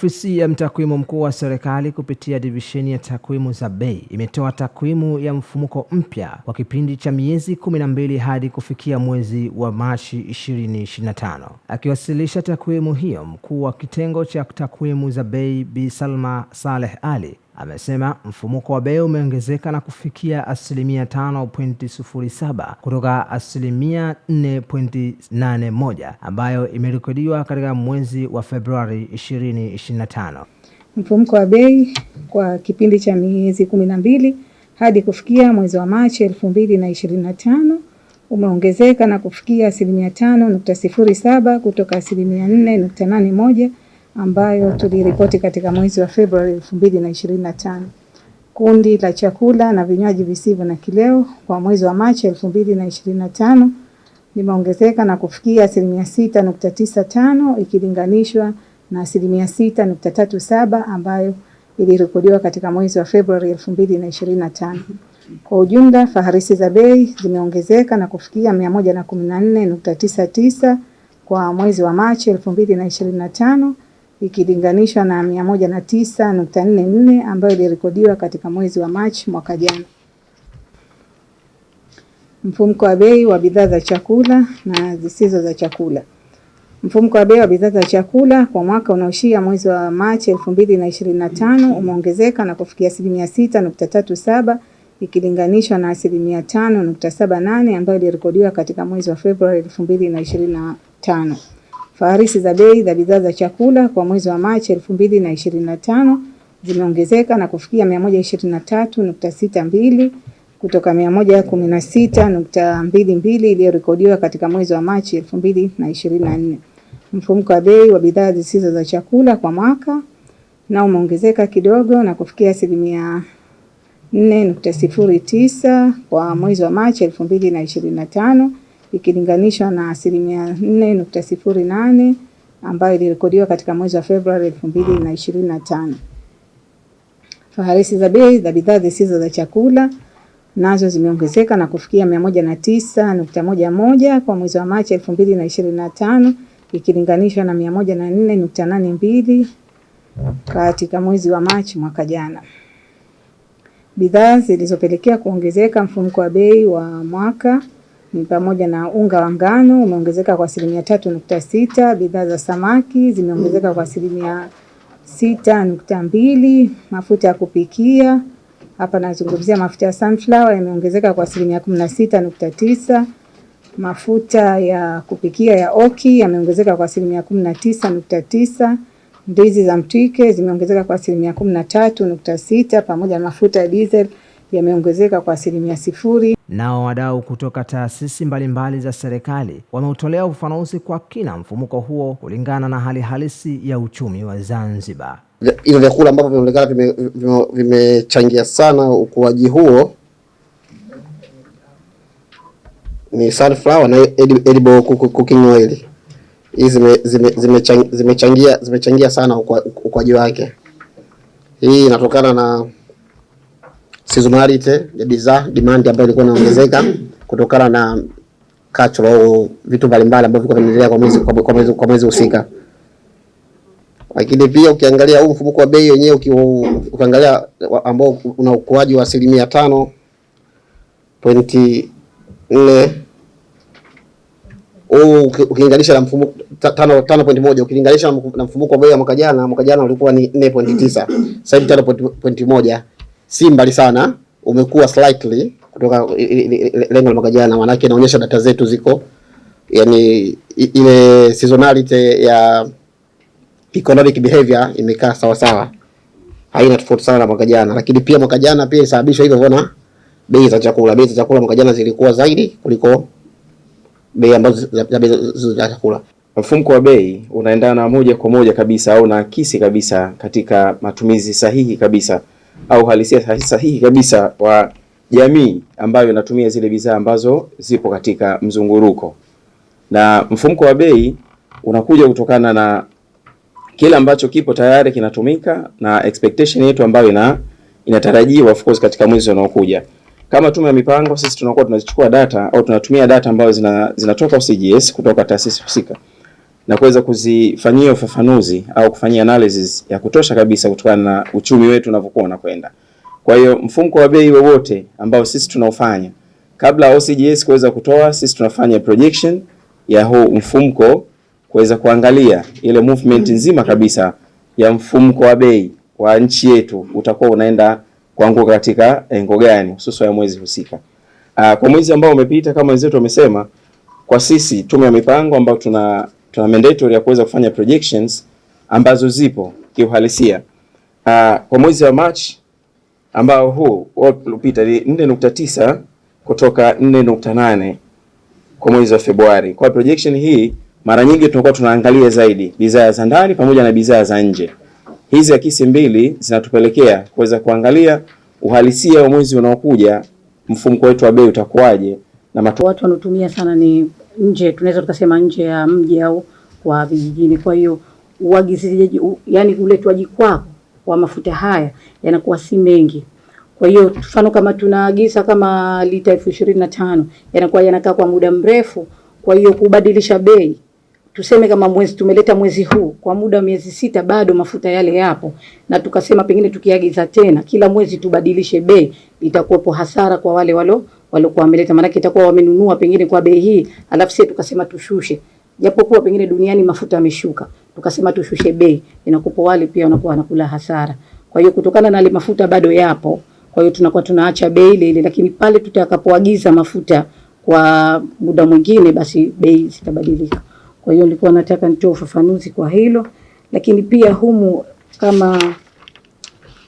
Ofisi ya mtakwimu mkuu wa serikali kupitia divisheni ya takwimu za bei imetoa takwimu ya mfumuko mpya kwa kipindi cha miezi 12 hadi kufikia mwezi wa Machi 2025. Akiwasilisha takwimu hiyo, mkuu wa kitengo cha takwimu za bei Bi Salma Saleh Ali amesema mfumuko wa bei umeongezeka na kufikia asilimia 5.07 kutoka asilimia 4.81 ambayo imerekodiwa katika mwezi wa Februari 2025. Mfumuko wa bei kwa kipindi cha miezi 12 hadi kufikia mwezi wa Machi 2025 umeongezeka na kufikia asilimia 5.07 kutoka asilimia 4.81 ambayo tuliripoti katika mwezi wa Februari 2025. Kundi la chakula na vinywaji visivyo na kileo kwa mwezi wa Machi 2025 limeongezeka na kufikia asilimia 6.95 ikilinganishwa na asilimia 6.37 ambayo ilirekodiwa katika mwezi wa Februari 2025. Kwa ujumla, faharisi za bei zimeongezeka na kufikia 114.99 kwa mwezi wa Machi 2025 ikilinganishwa na 109.44 ambayo ilirekodiwa katika mwezi wa Machi mwaka jana. Mfumko wa bei wa bidhaa za chakula na zisizo za chakula. Mfumko wa bei wa bidhaa za chakula kwa mwaka unaoishia mwezi wa Machi 2025 umeongezeka na kufikia asilimia 6.37 ikilinganishwa na asilimia 5.78 ambayo ilirekodiwa katika mwezi wa Februari 2025. Faharisi za bei za bidhaa za chakula kwa mwezi wa Machi 2025 zimeongezeka na kufikia 123.62 kutoka 116.22 iliyorekodiwa katika mwezi wa Machi 2024. mfumko wa bei wa bidhaa zisizo za chakula kwa mwaka na umeongezeka kidogo na kufikia asilimia 4.09 kwa mwezi wa Machi 2025 ikilinganishwa na asilimia nne nukta sifuri nane ambayo ilirekodiwa katika mwezi wa Februari elfu mbili na ishirini na tano. Faharisi za bei za bidhaa zisizo za chakula nazo zimeongezeka na kufikia mia moja na tisa nukta moja moja kwa mwezi wa Machi elfu mbili na ishirini na tano ikilinganishwa na mia moja na nne nukta nane mbili katika mwezi wa Machi mwaka jana. Bidhaa zilizopelekea kuongezeka mfumko wa bei wa mwaka ni pamoja na unga wa ngano umeongezeka kwa asilimia tatu nukta sita, bidhaa za samaki zimeongezeka kwa asilimia sita nukta mbili, mafuta ya kupikia hapa nazungumzia mafuta ya sunflower yameongezeka kwa asilimia kumi na sita nukta tisa, mafuta ya kupikia ya oki yameongezeka kwa asilimia kumi na tisa nukta tisa, ndizi za mtwike zimeongezeka kwa asilimia kumi na tatu nukta sita pamoja na mafuta ya diesel yameongezeka kwa asilimia sifuri. Nao wadau kutoka taasisi mbalimbali za serikali wameutolea ufafanuzi kwa kina mfumuko huo kulingana na hali halisi ya uchumi wa Zanzibar. Hivyo vyakula ambavyo vinaonekana vimechangia sana ukuaji huo ni sunflower na edible cooking oil. Hizi zimechangia zimechangia sana ukuaji wake. Hii inatokana na seasonality ya bidhaa, demand ambayo ilikuwa inaongezeka kutokana na kachoro au vitu mbalimbali ambavyo vilikuwa vinaendelea kwa mwezi kwa mwezi kwa mwezi husika. Lakini pia ukiangalia huu mfumuko wa bei wenyewe ukiangalia ambao una ukuaji wa asilimia tano pointi nne huu ukilinganisha na mfumuko tano tano pointi moja ukilinganisha na mfumuko wa bei wa mwaka jana, mwaka jana ulikuwa ni nne pointi tisa sasa hivi tano pointi moja si mbali sana, umekuwa slightly kutoka lengo la mwaka jana, maanake inaonyesha data zetu ziko yani, ile seasonality ya economic behavior imekaa sawa sawa, haina tofauti sana na mwaka jana. Lakini pia mwaka jana pia isababishwa hivyo vona bei za chakula, bei za chakula mwaka jana zilikuwa zaidi kuliko bei ambazo za bei za chakula. Mfumko wa bei unaendana moja kwa moja kabisa au na unaakisi kabisa katika matumizi sahihi kabisa au halisia sahihi kabisa wa jamii ambayo inatumia zile bidhaa ambazo zipo katika mzunguruko. Na mfumko wa bei unakuja kutokana na kile ambacho kipo tayari kinatumika na expectation yetu ambayo ina inatarajiwa of course katika mwezi unaokuja. Kama tume ya mipango, sisi tunakuwa tunazichukua data au tunatumia data ambazo zina, zinatoka OCGS kutoka taasisi husika na kuweza kuzifanyia ufafanuzi au kufanyia analysis ya kutosha kabisa kutokana na uchumi wetu unavyokuwa unakwenda. Kwa hiyo mfumko wa bei wowote ambao sisi tunaofanya kabla OCGS kuweza kutoa, sisi tunafanya projection ya huu mfumko kuweza kuangalia ile movement mm-hmm. nzima kabisa ya mfumko wa bei wa nchi yetu utakuwa unaenda kuanguka katika engo gani hususan ya mwezi husika. Aa, ah, kwa mwezi ambao umepita kama wenzetu wamesema, kwa sisi tume ya mipango ambayo tuna tuna mandatory ya kuweza kufanya projections ambazo zipo kiuhalisia. Uh, kwa mwezi wa March ambao huu ulipita ni 4.9 kutoka 4.8 kwa mwezi wa Februari. Kwa projection hii mara nyingi tunakuwa tunaangalia zaidi bidhaa za ndani pamoja na bidhaa za nje. Hizi akisi mbili zinatupelekea kuweza kuangalia uhalisia wa mwezi unaokuja, mfumko wetu wa bei utakuwaje na watu wanatumia sana ni nje, tunaweza tukasema nje ya mji au kwa vijijini. Kwa hiyo uagizaji, yani uletwaji kwako wa mafuta haya yanakuwa si mengi. Kwa hiyo mfano kama tunaagiza kama lita elfu ishirini na tano yanakuwa yanakaa kwa muda mrefu. Kwa hiyo kubadilisha bei, tuseme kama mwezi tumeleta mwezi huu, kwa muda wa miezi sita bado mafuta yale yapo, na tukasema pengine tukiagiza tena kila mwezi tubadilishe bei, itakuwapo hasara kwa wale walo walikuwa wameleta, maana itakuwa wamenunua pengine kwa bei hii, alafu sisi tukasema tushushe, japokuwa pengine duniani mafuta yameshuka, tukasema tushushe bei, inakupo wale pia wanakuwa wanakula hasara. Kwa hiyo kutokana na ile mafuta bado yapo, kwa hiyo tunakuwa tunaacha bei ile ile, lakini pale tutakapoagiza mafuta kwa muda mwingine, basi bei zitabadilika. Kwa hiyo nilikuwa nataka nitoe ufafanuzi kwa hilo, lakini pia humu kama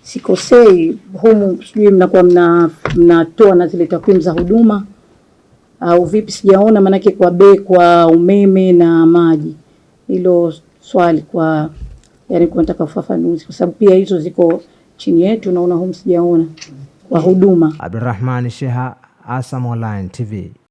sikosei humu, sijui mnakuwa mna mnatoa na zile takwimu za huduma au vipi? Sijaona maanake kwa bei kwa umeme na maji, hilo swali kwa yani kwa nataka ufafanuzi, kwa sababu pia hizo ziko chini yetu, naona humu sijaona kwa huduma. Abdurrahman Sheha, Asam Online TV.